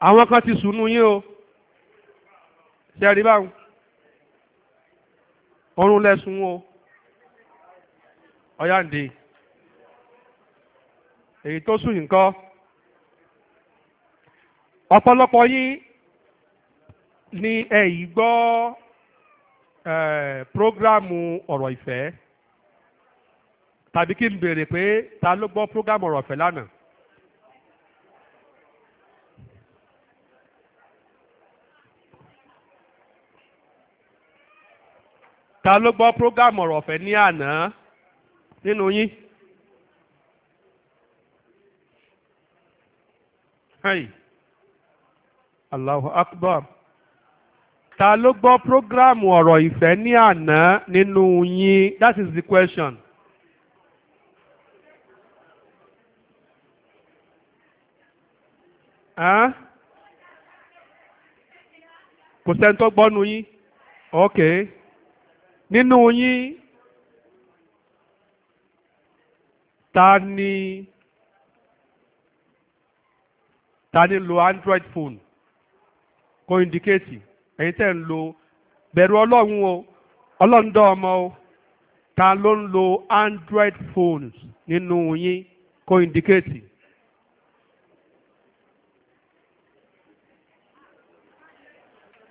àwọn kan ti sùnú yín o ṣẹ́rí báwọn ọrùn lẹ́sùn o ọ̀yáǹde èyí tó sùn nǹkan ọ̀pọ̀lọpọ̀ yín ni ẹ̀yìn gbọ́ prógrámù ọ̀rọ̀ ìfẹ́ tàbí kí n béèrè pé ta ló gbọ́ prógrámù ọ̀rọ̀ ìfẹ́ lánàá. ta ló gbọ́ prógámù ọ̀rọ̀ ọ̀fẹ́ ní àná nínú yín. Hey. Akbar. Ta ló gbọ́ prógrámù ọ̀rọ̀ ìfẹ́ ní àná nínú yín? That is the question. Kò sẹ́ni tó gbọ́ nu yín? Okay nínú yín ta ni ta ni lo android phone kò indicate ẹ̀yin tẹ́ ń lo bẹ̀rù ọlọ́run o ọlọ́run dọ́ ọmọ o ta ló ń lo android phones nínú yín kò indicate.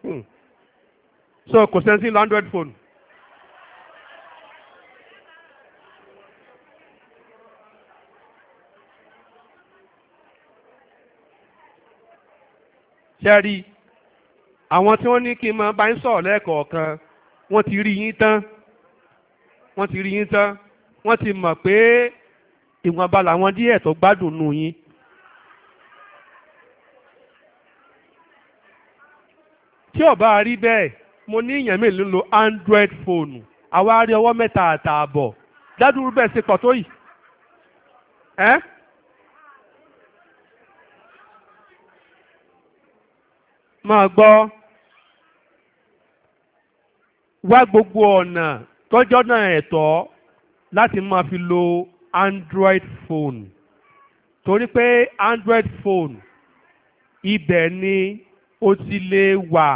Hmm. so kò sẹ́ńsì lo android phone. ṣẹ́rí àwọn tí wọ́n ní kí n máa bá ń sọ̀rọ̀ lẹ́ẹ̀kọ̀ọ̀kan wọ́n ti rí yín tán wọ́n ti rí yín tán wọ́n ti mọ̀ pé ìwọ̀nba làwọn díẹ̀ tó gbádùn nù yín. tí ó bá rí bẹ́ẹ̀ mo ní ìyẹn mi lílo android fóònù àwa rí ọwọ́ mẹ́ta àtààbọ̀ dádúró bẹ́ẹ̀ ṣe pọ̀ tó yìí. máa gbọ́ wá gbogbo ọ̀nà tọ́jọ́ náà ẹ̀tọ́ láti máa fi lo Android phone torí pé Android phone ibẹ̀ ni ó ti lè wà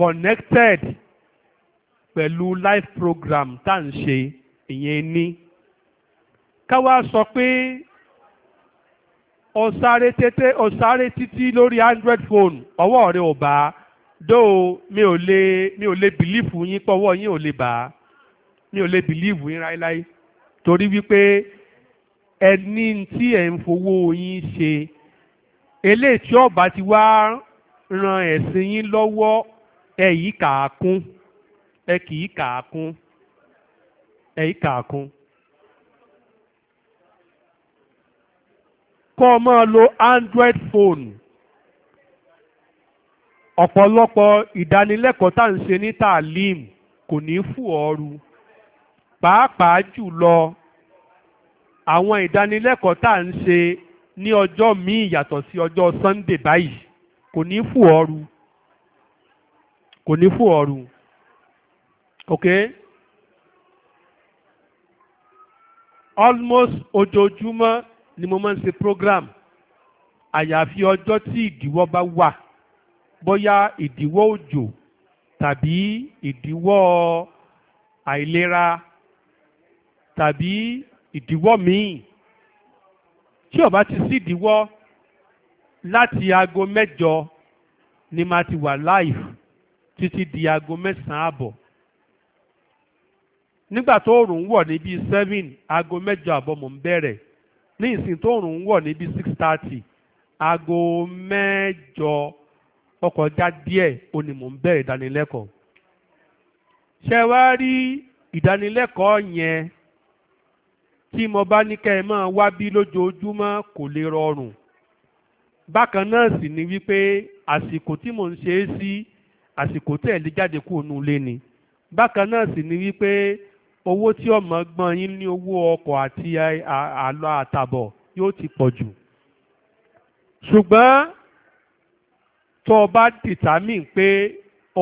connected pẹ̀lú live program tá à ń ṣe ìyẹn ní ká wá sọ pé o sáré tètè o sáré títí lórí android phone ọwọ́ rẹ ò bá dóò mi ò lè mi ò lè bìlífù yín pé ọwọ́ yín ò lè bá mi ò lè bìlífù yín láéláé torí wípé ẹni tí ẹ̀ ń fowó yín ṣe eléyìí tí ti wá ran ẹ̀sìn yín lọ́wọ́ ẹ yìí kà á kún ẹ kì yìí kà kọ́ ọ máa lo android phone ọ̀pọ̀lọpọ̀ ìdánilẹ́kọ̀ọ́ tá à ń ṣe ní taalim kò ní fù ooru pàápàá jùlọ àwọn ìdánilẹ́kọ̀ọ́ tá à ń ṣe ní ọjọ́ míì yàtọ̀ sí ọjọ́ Sunday báyìí kò ní fù ooru kò ní fù ooru ok almost ojoojúmọ́ ni mo máa ń ṣe program àyàfi ọjọ́ tí ìdíwọ́ bá wà bóyá ìdíwọ́ òjò tàbí ìdíwọ́ àìlera tàbí ìdíwọ́ míì tí ó bá ti sí ìdíwọ́ láti aago mẹ́jọ ni màá ti wà live títí di aago mẹ́sàn-án àbọ̀ nígbà tó òòrùn wọ̀ ní seven aago mẹ́jọ àbọ̀ mò ń bẹ̀rẹ̀ ní ìsìn tóòrùn ń wọ̀ níbi six thirty aago mẹ́jọ ọkọ̀ já díẹ̀ ó ní mò ń bẹ̀rẹ̀ ìdánilẹ́kọ̀ọ́ ṣe wá rí ìdánilẹ́kọ̀ọ́ yẹn tí mo bá ní kẹ́ ẹ máa wá bí lójoojúmọ́ kò lè rọrùn bákan náà sì ni wípé àsìkò tí mò ń ṣe é sí àsìkò tẹ̀ jáde kúrò nulẹ̀ ni bákan náà sì ni wípé owó tí ọmọ gbọ́n yín ní owó ọkọ̀ àti àlọ àtàbọ̀ yóò ti pọ̀ jù ṣùgbọ́n tó o bá dìtámì pé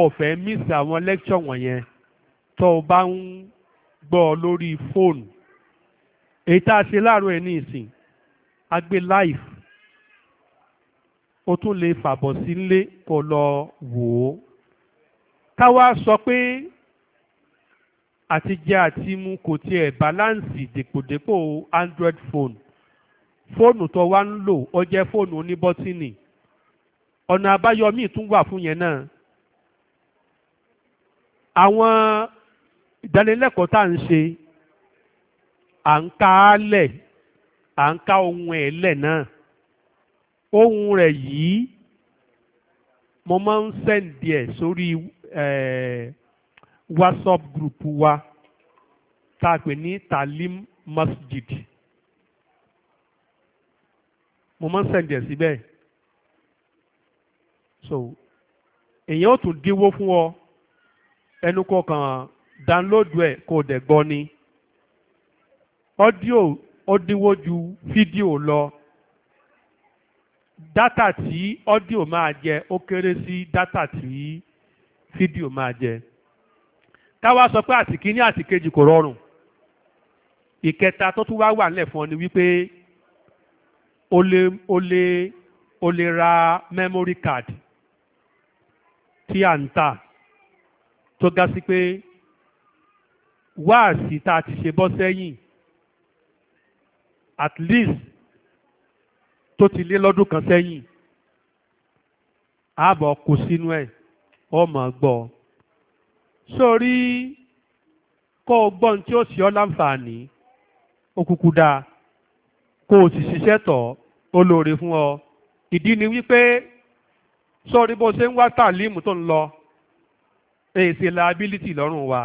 o fẹ́ àwọn lecture wọ̀nyẹn tó o bá ń gbọ́ lórí fóònù èyí tá a ṣe láàárọ̀ ẹ̀ ní ìsìn a gbé live o tún lè fàbọ̀ sílé kó lọ wò ó ká wá sọ pé àti jẹ àti mu kò tiẹ̀ báláǹsì dèpòdépò android phone fóònù tó wá ń lò ó jẹ́ fóònù oníbọ́tìnì ọ̀nà àbáyọ míì tún wà fún yẹn náà àwọn ìdánilẹ́kọ̀ọ́ tá à ń ṣe à ń ka á lẹ̀ à ń ka ohun ẹ̀ lẹ̀ náà ohun rẹ̀ yìí mo máa ń sẹ́ǹdì ẹ̀ sórí ẹ̀ẹ́. Eh, whatsapp group wa tá ní talim masjid mo máa ń sẹ̀ǹdẹ̀ síbẹ̀ so èèyàn ò tún dínwó fún ọ ẹnu kọkàn dánlóòdù ẹ̀ kó o dẹ̀ gbọ́ ni ọ́díò ó dínwó ju fídíò lọ dátà tí ọ́díò máa jẹ ó kéré sí dátà tí fídíò máa jẹ káwá sọ pé àtìkíní àtìkejì kò rọrùn ìkẹta tó tún wá wà nílẹ̀ fún ọ ni wípé o lè o lè o lè ra memory card tí à ń tà tó ga sí pé wáàsí tá a ti ṣe bọ́ sẹ́yìn at least tó ti lé lọ́dún kan sẹ́yìn ààbọ̀ kò sínú ẹ̀ ọmọ gbọ́ ọ sórí kó o gbọ́n tí ó sì ọ́ láǹfààní ó kúkú dáa kó o sì ṣiṣẹ́ tọ̀ ó lóore fún ọ ìdí ni wípé sórí bó ṣe ń wá tàlímù tó ń lọ èsì liability lọ́rùn wa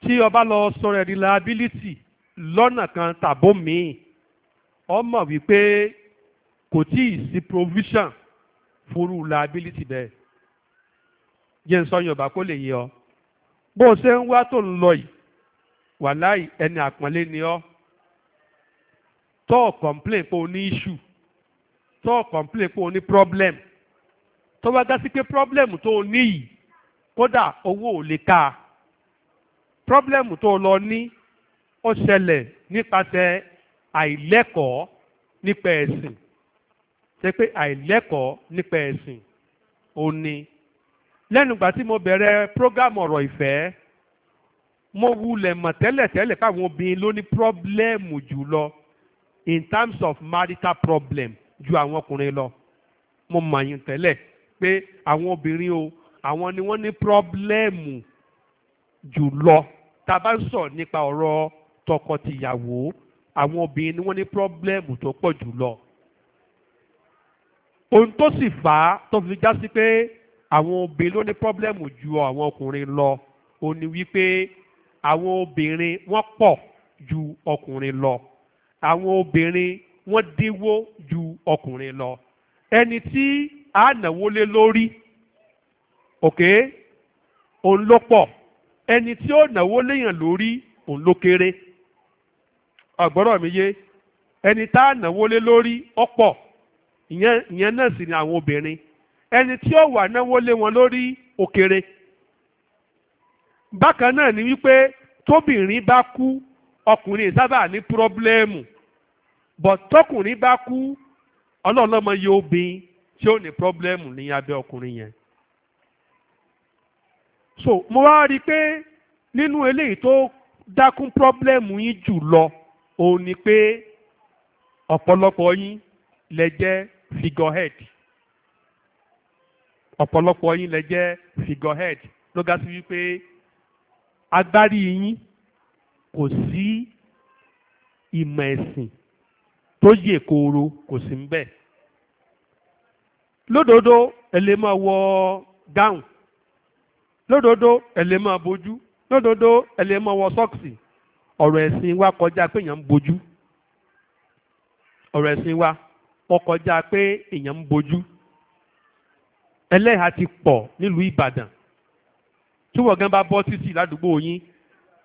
tí ọba lọ sọ̀rọ̀ ẹ̀rí liability lọ́nà kan tàbó míì ọmọ wípé kò tí sí provision fúru liability bẹ́ẹ̀ jẹ́ ń sọ yorùbá kó lè yé ọ bó o ṣe ń wá tó ń lọ yìí wàláì ẹni àpọ́nlé ni ọ́ tó o complain pé o ní issue tó o complain pé o ní problem tó bá dá sí pé problem tó o ní yìí kódà owó ò lè ká problem tó o lọ ní ó ṣẹlẹ̀ nípasẹ̀ àìlẹ́kọ̀ọ́ nípa ẹ̀sìn ṣe pé àìlẹ́kọ̀ọ́ nípa ẹ̀sìn ò ní lẹ́nugbà tí mo bẹ̀rẹ̀ prógámù ọ̀rọ̀ ìfẹ́ mo wulẹ̀ mọ̀ tẹ́lẹ̀tẹ́lẹ̀ káwọn obìnrin ló ní pírọ́blẹ́mù jùlọ in terms of marital problem ju àwọn ọkùnrin lọ mo mọ̀ yín tẹ́lẹ̀ pé àwọn obìnrin o àwọn ni wọ́n ní pírọ́blẹ́mù jùlọ tá a bá ń sọ nípa ọ̀rọ̀ tọkọ-tìyàwó àwọn obìnrin ni wọ́n ní pírọ́blẹ́mù tó pọ̀ jùlọ ohun tó sì fà á tó fi já sí pé àwọn obìnrin ló ní pọ́blẹ́mù ju àwọn ọkùnrin lọ ó ní wípé àwọn obìnrin wọ́n pọ̀ ju ọkùnrin lọ àwọn obìnrin wọ́n dínwó ju ọkùnrin lọ ẹni tí a náwó lé lórí òkè òun ló pọ̀ ẹni tí ó náwó léèyàn lórí òun ló kéré ọ̀gbọ́rọ̀ mi yé ẹni tá a náwó lé lórí ọ̀pọ̀ ìyẹn náà sì ni àwọn obìnrin ẹni tí ó wà náwó lé wọn lórí òkèrè bákan náà ni wípé tóbìnrin bá kú ọkùnrin sábà ní pírọ́blẹ́mù bọ̀ tọkùnrin bá kú ọlọ́ọ̀lọ́mọ yóò obìnrin tí ó ní pírọ́blẹ́mù ní abẹ́ ọkùnrin yẹn. so mo wá rí i pé nínú eléyìí tó dákún pírọ́blẹ́mù yín jù lọ òun ni pé ọ̀pọ̀lọpọ̀ yín lẹ jẹ́ figurehead. ọ̀pọ̀lọpọ̀ yín lẹ jẹ́ figurehead ló ga sí wípé agbárí yín kò sí ìmọ̀ ẹ̀sìn tó yè kooro kò sí ń bẹ̀. lódodo máa wọ gáùn lódodo ẹ máa wọ ọ̀rọ̀ ẹ̀sìn wa kọjá pé èèyàn ń ẹlẹ́hàá ti pọ̀ nílùú Ìbàdàn tí wọ́n gan bá bọ́ títì ládùúgbò yín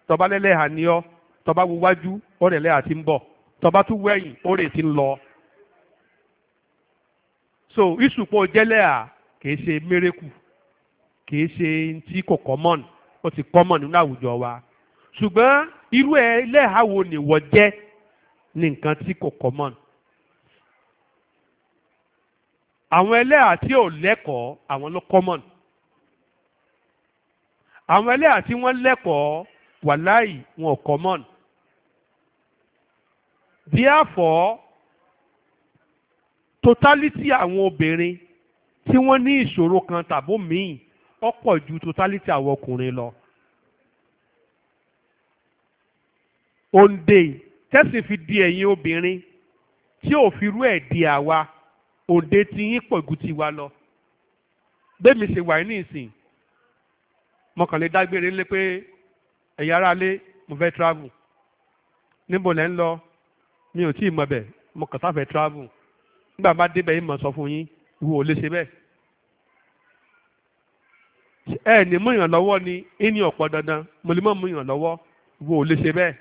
tọba lẹ́lẹ́hàá ni ọ́ tọba wúwájú ọ̀rẹ́ ẹlẹ́hàá ti ń bọ̀ tọba tún wẹ̀yìn ọ̀rẹ́ ti ń lọ. so ìsùpọ̀ jẹ́lẹ́hàá kìí ṣe mérekù kìí ṣe tí kò kọ́mọ̀nù ó ti kọ́mọ̀nù nínú àwùjọ wa ṣùgbọ́n irú ẹlẹ́hàá wo ni wọ́n jẹ́ ní nǹkan tí kò kọ́mọ̀nù àwọn ẹlẹ́hà tí ò lẹ́kọ̀ọ́ àwọn ló common àwọn ẹlẹ́hà tí wọ́n lẹ́kọ̀ọ́ wàláì wọn ò common therefore totality àwọn obìnrin tí wọ́n ní ìṣòro kan tàbó míì ọ̀pọ̀ ju totality àwọn ọkùnrin lọ. òǹdè tẹ́sí fi di ẹ̀yin obìnrin tí ò fi rú ẹ̀ di àwa òde ti yín pọ̀ ju tiwa lọ bẹ́ẹ̀ mi ṣe wà ní ìsìn mọ̀kànlẹ́ dágbére ńlẹ́ pé ẹ̀yà ara lé mo fẹ́ travel níbo lẹ́ ń lọ mi ò tí ì mọ bẹ̀ mo kàn sáfẹ́ travel nígbà bá débẹ̀ yìí mọ̀ sọ fún yín ìwọ ò lè ṣe bẹ́ẹ̀ ẹ ní mú ìyàn lọ́wọ́ ni ẹni ọ̀pọ̀ dandan mo lè mọ̀ mú ìyàn lọ́wọ́ ìwọ ò lè ṣe bẹ́ẹ̀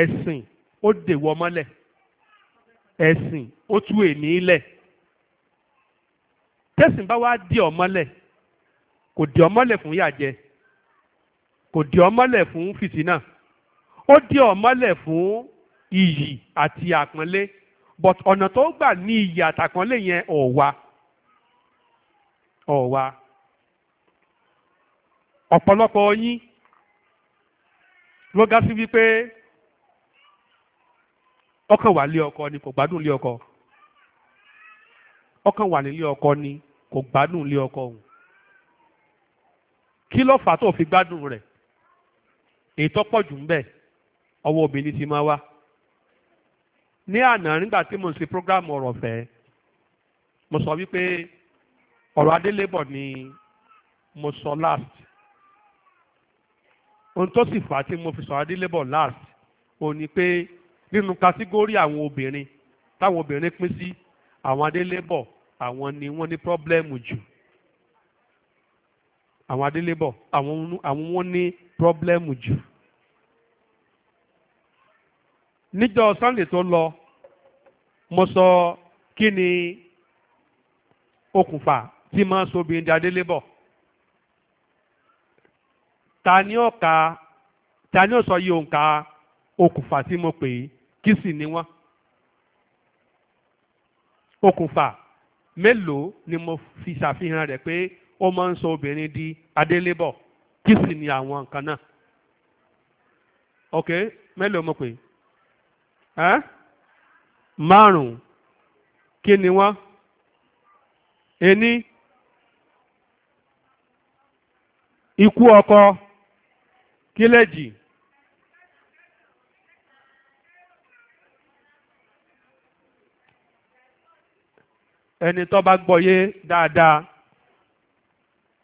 ẹ̀sìn ó dèwọ́ mọ́lẹ̀ ẹ̀sìn ó tú èmi lẹ̀ tẹ̀sìn bá wá di ọmọlẹ̀ kò di ọmọlẹ̀ fún yàjẹ kò di ọmọlẹ̀ fún fìtínà ó di ọmọlẹ̀ fún iyì àti àpọ́nlé but ọ̀nà tó gbà ní iyì àtàpọ́nlé yẹn ọ̀wà ọ̀wà ọ̀pọ̀lọpọ̀ yín ló gá sí wípé ọkàn wà lé ọkọ ni kò gbádùn lé ọkọ ọkàn wà nílé ọkọ ni kò gbádùn lé ọkọ òun kí ló fà tó fi gbádùn rẹ̀ ètò tó pọ̀ jù ń bẹ ọwọ́ obìnrin ti máa wá ní àná nígbà tí mo ń ṣe program ọ̀rọ̀ ọ̀fẹ́ mo sọ wípé ọ̀rọ̀ adélébọ̀ ni mo sọ last ohun tó sì fà á tí mo fi sọ adélébọ̀ last òun ni pé nínú kátígórì àwọn obìnrin táwọn obìnrin pín sí àwọn adélébọ̀ àwọn ni wọ́n ní pọ́blẹ́mù jù àwọn adélébọ̀ àwọn wọ́n ní pọ́blẹ́mù jù. níjọ́ sunday tó lọ mo sọ kí ni okùnfà tí máa ń so obìnrin di adélébọ̀ ta ni ó ka ta ni ó sọ yìí òǹkà okùnfà tí mo pè é kí sì ni wọ́n okùnfà mélòó ni mo fi ṣàfihàn rẹ̀ pé ó máa ń sọ obìnrin di adélébọ̀ kí sì ni àwọn nǹkan náà ok mélòó mo pè ẹ́ márùn kí ni wọ́n ení ikú ọkọ kílẹ̀jì. ẹni tó bá gbọ́yé dáadáa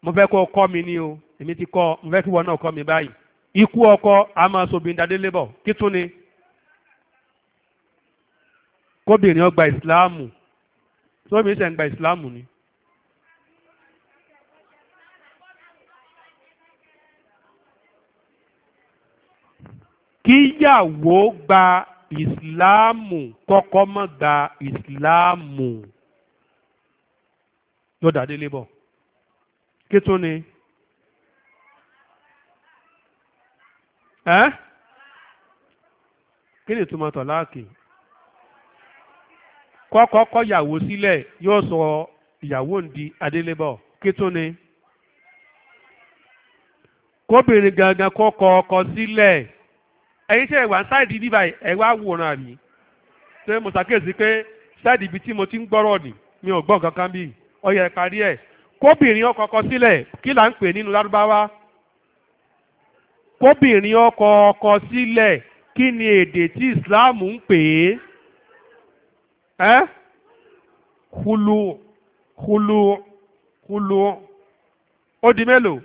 mo fẹ́ kó kọ́ mi ni o èmi ti kọ́ mo fẹ́ kí wọn náà kọ́ mi báyìí ikú ọkọ a máa sobìn dadélé bọ̀ kí tún ni kóbìnrin ọgbà ìsìláàmù tóbìnrin sẹ̀ ń gba ìsìláàmù ni. kíyàwó gba ìsìláàmù kọ́kọ́ mọ́ gba ìsìláàmù. lodin adelebo keto ni? ehn? kene tomato laake? kookooko yawo sile yoso yawo ndi adelebo keto ni? kobere gangan kookooko sile eyiteewa inside di ewa wurin re say musa kesi kwe side saidi british moti n borod ni mi ogbon kaka n ọyọ ìparí ẹ̀ kóbìnrin ọkọ ọkọ sílẹ̀ kí là ń pè nínú lárúbáwá kóbìnrin ọkọ ọkọ sílẹ̀ kí ni èdè tí ìsìláàmù ń pè é ẹ́ hulu hulu hulu ó di mélòó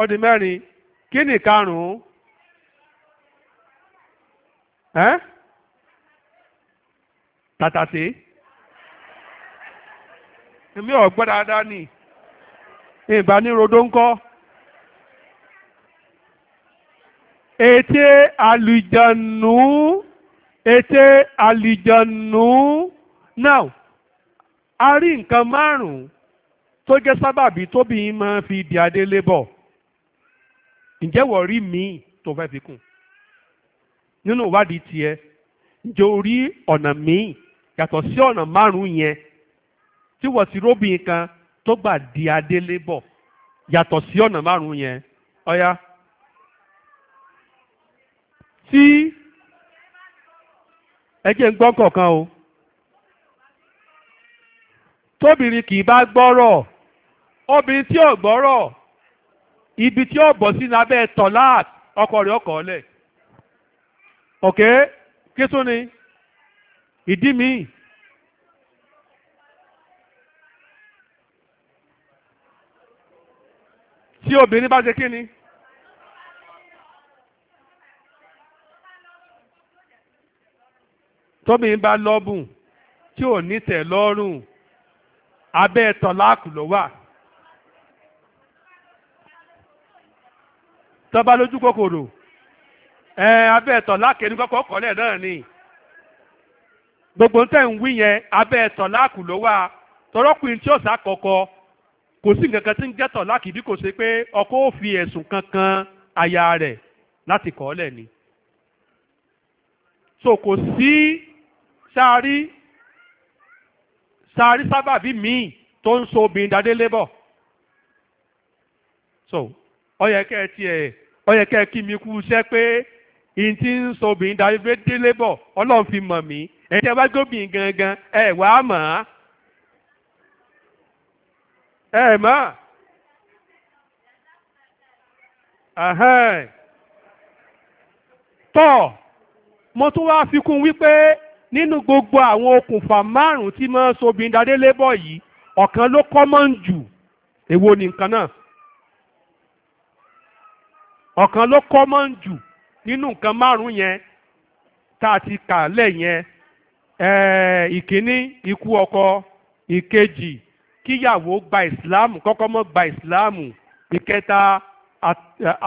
ó di mẹ́rin kí ni karùn-ún ẹ́ tàtàtì. èmi ò dáadáa ni ìbá ní rodó ńkọ́. ète àlùjànú ète a rí nǹkan márùn-ún tó jẹ́ sábàbí tóbi yín máa fi di adé lébọ̀ ǹjẹ́ wọ́n rí míì tó fẹ́ fi nínú ìwádìí tiẹ̀ ǹjẹ́ o rí ọ̀nà míì yàtọ̀ tí wọ́n sì róbìn kan tó gbà di adélé bọ̀ yàtọ̀ sí ọ̀nà márùn-ún yẹn ọ̀yá. tí ẹ jẹ́ ń gbọ́ kọ̀ọ̀kan o tóbìnrin kì í bá gbọ́rọ̀ obìnrin tí ò gbọ́rọ̀ ibi tí ó bọ̀ sí lábẹ́ tọ́láàt ọkọ rẹ̀ ọkọ ọ̀lẹ̀ òkè kí tún ni ìdí mi tí obìnrin bá ṣe kí ni. tóbìnrin bá lọ́bùn tí ò ní tẹ̀ lọ́rùn abẹ́ tọ́láàkù ló wà. tọ́ba lójú kòkòrò ẹ abẹ́ tọ́láàkù ẹni kọ́kọ́ kọ́lẹ̀ náà ni gbogbo tẹ̀ ń wí yẹn abẹ́ tọ́láàkù ló wà tọ́rọ́kùnrin tí ó sá kọ̀kọ́. kò sí nǹkan kan tí ń gẹ́tọ̀ lákìbí kò ṣe pé ọkọ ò fi ẹ̀sùn kankan aya rẹ̀ láti kọ́ lẹ̀ ni. so kò sí sáárí sáárí sábàbí míì tó ń so obìnrin dadé lébọ̀. so ọyẹ kẹ tiẹ̀ ọyẹ kẹ kí mi kú iṣẹ́ pé n ti ń so obìnrin dadé lébọ̀ ọlọ́run fi mọ̀ mí ẹ̀ tẹ́ wá gbóbìn gangan ẹ̀ wá mọ̀ á. ẹ má tọ́ mo tún wá fi kún wípé nínú gbogbo àwọn okùnfà márùn-ún tí mọ́ ń sobìnrin dadé lébọ̀ yìí ọ̀kan ló kọ́mọ̀n jù èwo ni nǹkan náà ọ̀kan ló kọ́mọ̀n jù nínú nǹkan márùn-ún yẹn tá a ti kà lẹ̀ yẹn ìkíní ikú ọkọ ìkejì kíyàwó gba ìsìláàmù kọ́kọ́ mọ́ gba ìsìláàmù ìkẹta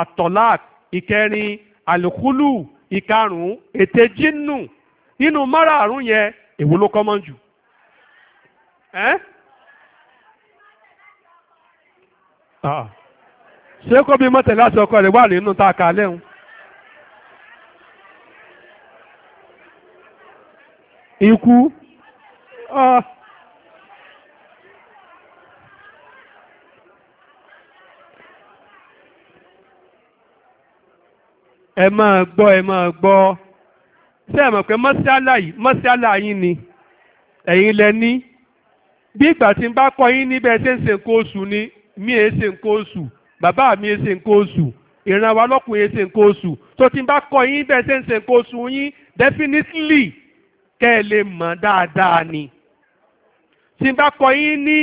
àtọ̀lák ìkẹrin àlùkùlù ìkarùn-ún ète jínù nínú márààrún yẹn èwo ló kọ́mọ́ jù. Ah. ṣé kó bí mọ́tẹ̀ láti ọkọ rẹ̀ wà nínú tá a kà lẹ́hùn. ikú. Uh, ẹ máa gbọ́ ẹ máa gbọ́ ṣé ẹ mọ̀ pé mọ́ṣálá yín ni ẹ̀yin lẹ ní bí ìgbà tí ń bá kọ́ yín níbẹ̀ ṣe ń ṣe nǹkan oṣù ni mí èé ṣe nǹkan oṣù bàbá mi èé ṣe nǹkan oṣù ìran wa lọ́kùnrin èé ṣe nǹkan oṣù tó ti ń bá kọ́ yín bẹ́ẹ̀ ṣe ń ṣe nǹkan oṣù yín definitely kẹ́ ẹ lè mọ̀ dáadáa ni tí ń bá kọ́ yín ní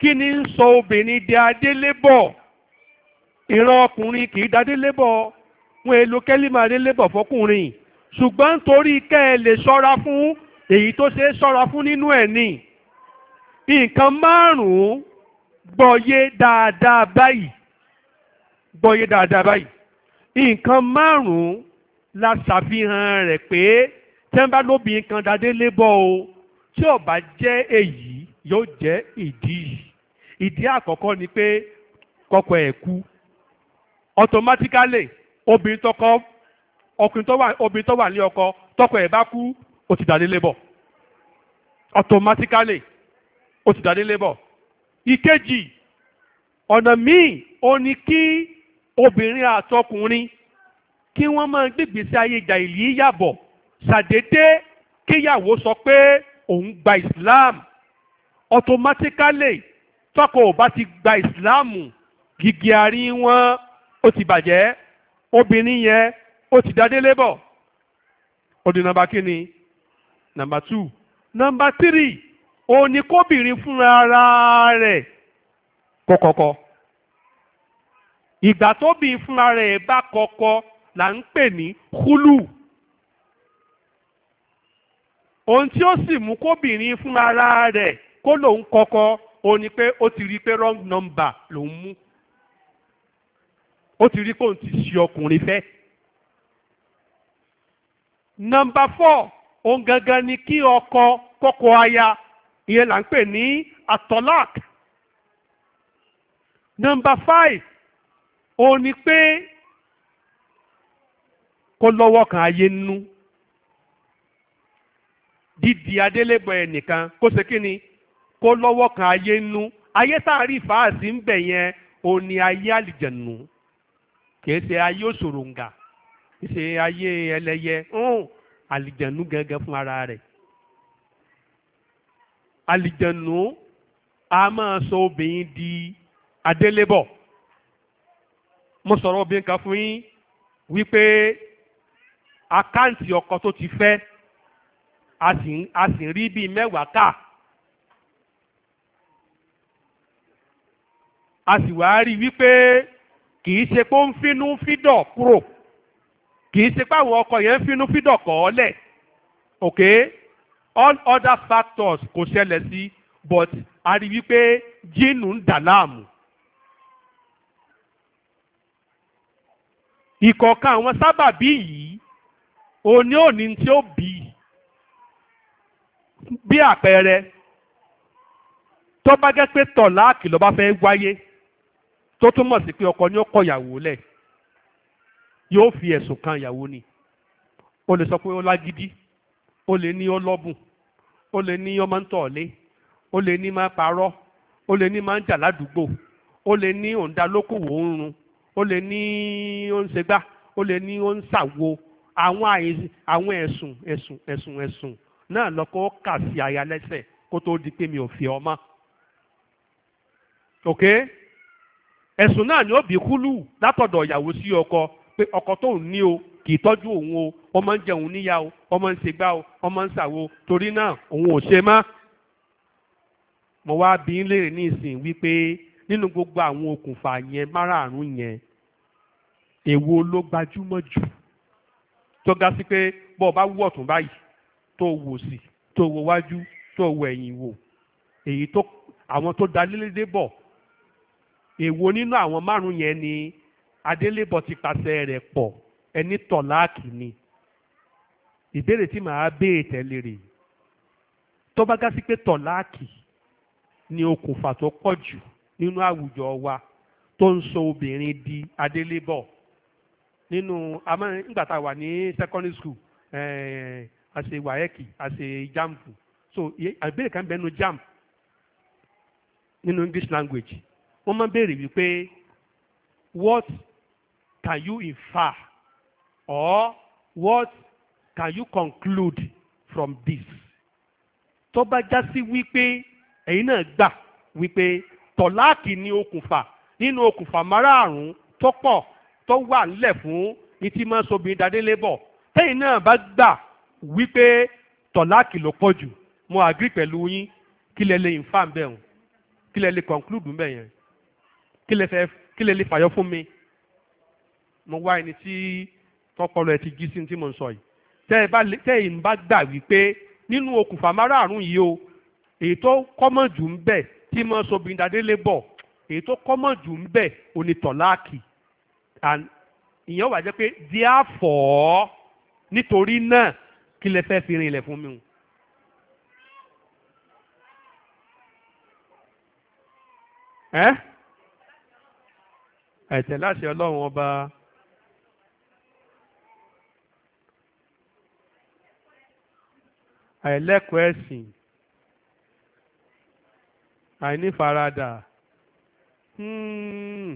kí ni ń sọ obìnrin di adélébọ̀ ìran ọkùnrin kì í dadélébọ̀ wọn èlò kẹ́límà lélébọ̀ fọkùnrin ṣùgbọ́n nítorí kẹ́ ẹ lè ṣọ́ra fún èyí tó ṣe é ṣọ́ra fún nínú ẹ̀ ni nǹkan márùn-ún gbọ́yé dáadáa báyìí gbọ́yé dáadáa báyìí nǹkan márùn-ún la ṣàfihàn rẹ̀ pé tẹ́ńbà lóbìnrin kan dáadé lébọ̀ o tí ó bá jẹ́ èyí yóò jẹ́ ìdí yìí ìdí àkọ́kọ́ ni pé kọ́kọ́ ẹ̀ kú automatically obìnrin tọkọ ọkùnrin tó wà obìnrin tó wà ní ọkọ tọkọ ẹ̀ bá kú ó ti dàdé lébọ̀ automatically ó ti dàdé lébọ̀ ìkejì ọ̀nà míì ó ní kí obìnrin àtọkùnrin kí wọ́n máa gbégbèsè ayé ìjà ìlú yàbọ̀ ṣàdédé kíyàwó sọ pé òun gba Islam automatically tọkọ ò bá ti gba Islam gígé àárín wọn ó ti bàjẹ́. obìnrin yẹn ó ti dá délé bọ̀ ó di nọ́mbà two nọ́mbà three òun ni kóbìnrin fúnra kọ́kọ́kọ́ ìgbà tóbi fúnra rẹ̀ bá kọ́kọ́ là ń pè ní húlù ohun tí ó sì mú kóbìnrin fúnra rẹ kó lòun kọ́kọ́ òun ni pé ó ti rí i ó ti rí kó ti ṣe ọkùnrin fẹ́. nọmba four òun gangan ni kí ọkọ kọ́kọ́ aya ìyẹn là ń pè ní atolak. nọmba five òun ni pé kó lọ́wọ́ kan ayé nínú dídi adélébọ̀ ẹnìkan kó ṣe kí ni kó lọ́wọ́ kan ayé nínú ayé tá a rí fàásì ń bẹ̀ yẹn òun ni ayé àlìjẹ̀nù kìí ṣe ayé òṣòròǹgà kìí ṣe ayé ẹlẹ́yẹ àlìjẹ̀nú gẹ́gẹ́ fún ara rẹ̀ àlìjẹ̀nú a máa sọ obìnrin di adélébọ̀ mo sọ̀rọ̀ obìnrin kan fún yín wípé àkáǹtì ọkọ tó ti fẹ́ a sì ń rí bíi mẹ́wàá káà. a sì wá rí wípé kì í ṣe pé ó ń finú fídọ̀ kúrò kì í ṣe pé àwọn ọkọ yẹn ń finú fídọ̀ kọ́ ọ lẹ̀ ok all other factors kò ṣẹlẹ̀ sí but a rí wípé jíìnù ń dà láàmú. ìkọ̀ọ̀kan àwọn sábàbí yìí òní òní tí ó bí bí àpẹẹrẹ tó bá jẹ́ pé tọ̀láàkì ló bá fẹ́ wáyé tó túmọ̀ sí pé ọkọ ni ó kọ ìyàwó lẹ̀ yóò fi ẹ̀sùn kan ìyàwó ni o lè sọ pé ó lágídí lè ní ó lọ́bùn ó lè ní ọmọ ń tọ̀ọ́lé o lè ní máa parọ́ ó lè ní máa ń jà ládùúgbò o lè ní òǹda lókòwò ń lè ní ó ń àwọn ẹ̀sùn náà ni ó bí kúlù látọ̀dọ̀ ìyàwó sí ọkọ pé ọkọ tó ń ní o kì í tọ́jú òun o ọmọ ń jẹun níyà o ọmọ ń ṣègbà o ọmọ ń ṣàwo torí náà òun ò ṣe mọ́. mo wá bí ń léèrè ní ìsìn wípé nínú gbogbo àwọn okùnfà yẹn márààrún yẹn èwo ló gbajúmọ̀ jù tó ga sí pé bọ́ọ̀ bá wú ọ̀tún báyìí tó wò sí tó wò wájú tó wò ẹ̀yìn wò èyí tó àwọn tó dalé lédè bọ̀ èwo nínú àwọn márùn yẹn ni adélébọ̀ ti pàṣẹ rẹ̀ pọ̀ ẹni tọ̀láàkì ni ìbéèrè tí màá béè tẹ́lẹ̀ rè tó sí pé tọ̀láàkì ni okùnfà tó pọ̀ jù nínú àwùjọ wa tó ń sọ obìnrin di adélébọ̀ nínú àmọ́ nígbà wà ní secondary school eh, a ṣe wáyẹ́kì a so àbẹ̀rẹ̀ kan bẹ́ẹ̀ nu jamb nínú English language wọ́n máa ń béèrè wípé what can you infer or what can you conclude from this tó bá já sí wípé ẹ̀yin náà gbà wípé tọ̀láàkì ni okùnfà nínú okùnfà márààrún tó pọ̀ tó wà nílẹ̀ fún ní tí máa ń sobìnrin dadélé bọ̀ tẹ́yìn náà bá gbà wípé tọ̀láàkì ló pọ̀ jù mo àgírí pẹ̀lú yín kí lẹ lè infer ń bẹ̀ kí lẹ lè conclude ń bẹ̀ yẹn kí lè fẹ́ kí lè lè fàyọ fún mi mo wá ẹni tí tọpọlọ ẹ ti jí sí tí mo ń sọ yìí tẹ́ ẹ bá tẹ́ ẹ ń bá gbà wípé nínú okùnfà márààrún yìí o èyí tó kọ́mọ̀ jù ń bẹ̀ tí mo sọ bìndàdélé bọ̀ èyí tó kọ́mọ̀ jù ń bẹ̀ onítọ̀láàkì ìyẹn wà jẹ́ pé díàfọ̀ nítorí náà kí fẹ́ fi rin ilẹ̀ fún mi Eh? àìtẹ̀ láṣẹ ọlọ́run ọba àìlẹ́kọ̀ọ́ ẹ̀sìn àìnífaradà hmm.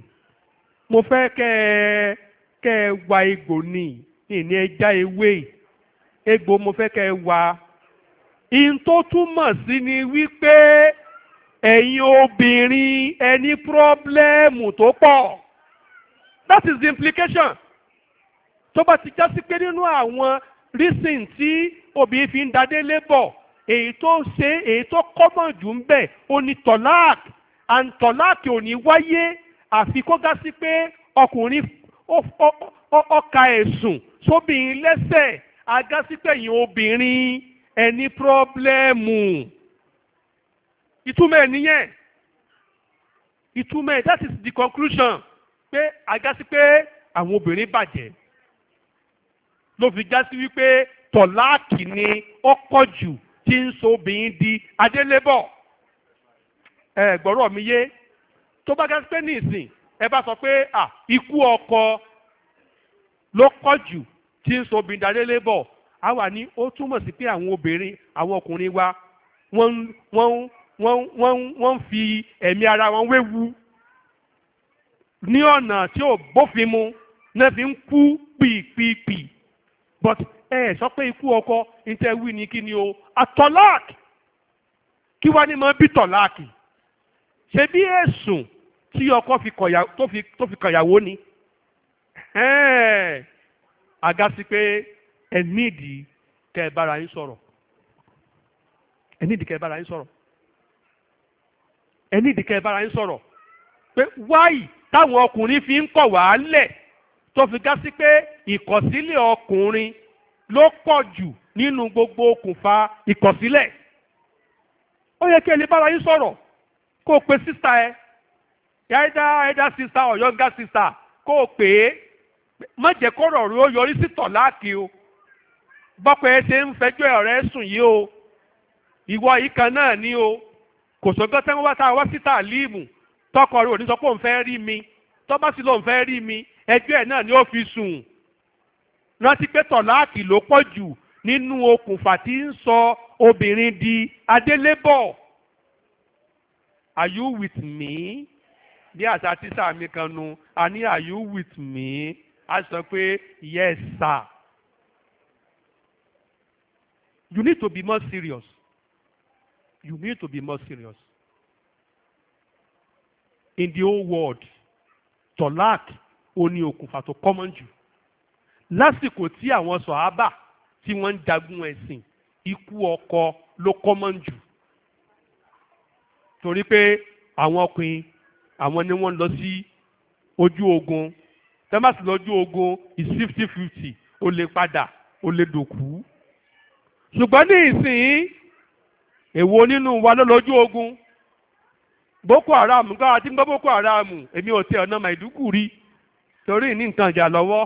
mo fẹ́ kẹ́ ẹ kẹ́ ẹ wa egbò ni ìní ẹja ewé egbò mo fẹ́ kẹ́ ẹ wa ihun tó túmọ̀ sí ni wípé ẹ̀yin obìnrin ẹni pírọ́blẹ́mù tó pọ̀ that is the implication tó bá ti já sí pé nínú àwọn reason tí òbí fi ń dadé labour èyí tó ṣe èyí tó kọ́mọ̀ jù ń bẹ̀ ó ní tọ́láàk and tọ́láàk ò ní wáyé àfi kó gá sí pé ọkùnrin ọkà ẹ̀sùn sóbìnrin lẹ́sẹ̀ agá sí pé ẹ̀yin obìnrin ẹni pírọ́blẹ́mù ìtumọ̀ ẹ̀ nìyẹn ìtumọ̀ ẹ̀ that is the conclusion pé agásí pé àwọn obìnrin bàjẹ́ ló fi jásí wípé tọ̀láàkì ni ó pọ̀ jù tí ń so obìnrin di adélébọ̀ ẹ gbọ́rọ̀ mi yé tó bá gásí pé ní ìsìn ẹ bá sọ pé à ikú ọkọ ló pọ̀ jù tí ń so obìnrin di adélébọ̀ a wà ní ó túmọ̀ sí pé àwọn obìnrin àwọn ọkùnrin wa wọ́n wọ́n wọ́n wọ́n wọ́n fi ẹ̀mí ara wọn wéwu ní ọ̀nà tí o bófin mu náà fi ń kú pìpìpì but ẹ sọ pé ikú ọkọ ìtẹ̀wí ni kí ni o àtọ̀láàkì kí wá ní máa bí tọ̀láàkì ṣe bí ẹ̀sùn tí ọkọ tó fi kọ̀yàwó ni àga sí pé ẹ nídìí kẹ́ ẹ bára yín sọ̀rọ̀ ẹ nídìí kẹ́ ẹ bára yín sọ̀rọ̀ ẹ nídìí kẹ́ sọ̀rọ̀ pé wáyìí. táwọn ọkùnrin fi ń kọ̀ wá lẹ̀ tó fi gá sí pé ìkọ̀sílẹ̀ ọkùnrin ló pọ̀ jù nínú gbogbo okùnfà ìkọ̀sílẹ̀ ó yẹ kí ẹ lè bára yín sọ̀rọ̀ kó o pe sísá ẹ ẹ̀dá ẹ̀dá sísá ọ̀yọ́ngá sísá kó o pè é má jẹ́ kọ́rọ̀ ó yọrí sí tọ̀láàkì o bọ́pọ̀ ẹ ṣe ń fẹjọ́ ọ̀rẹ́ sùn yìí o ìwọ yìí kan náà ni o kò sọ́gọ́tẹ́ wọn wá tá wá sí tàlíìmù tọkọ rẹ ò ní sọ pé òun fẹ́ rí mi tó bá sì lóun fẹ́ rí mi ẹjọ́ ẹ̀ náà ni ó fi sùn rántí pé tọ̀láàkì ló pọ̀ jù nínú okùnfà tí ń sọ obìnrin di adélébọ̀ are you with me bí àṣà tíṣà mi kan nu a are you with me a sọ pé yes sir you need to be more serious you need to be more serious in the whole world tolak ó ní okùnfà tó common jù lásìkò tí àwọn sọ̀hábà tí wọ́n ń jagun ẹ̀sìn ikú ọkọ ló common jù torí pé àwọn ọkùnrin àwọn ni wọ́n lọ sí ojú ogun tẹ́másì lọ́jú ogun is fifty fifty ó lè padà ó lè dòkú ṣùgbọ́n ní ìsìn èwo nínú wa ló lọ́jú ogun boko haram gaa tí ń gbọ́ boko haram èmi ò tẹ ọ̀nà Maiduguri torí ní nǹkan ìjà lọ́wọ́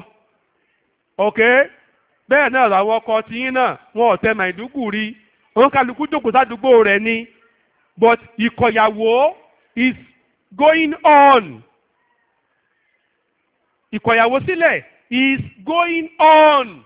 ok bẹ́ẹ̀ náà làwọn ọkọ tiyín náà wọn ò tẹ Maiduguri wọn kálukú jókòó sádùúgbò ni but ìkọ̀yàwó is going on ìkọ̀yàwó sílẹ̀ is going on.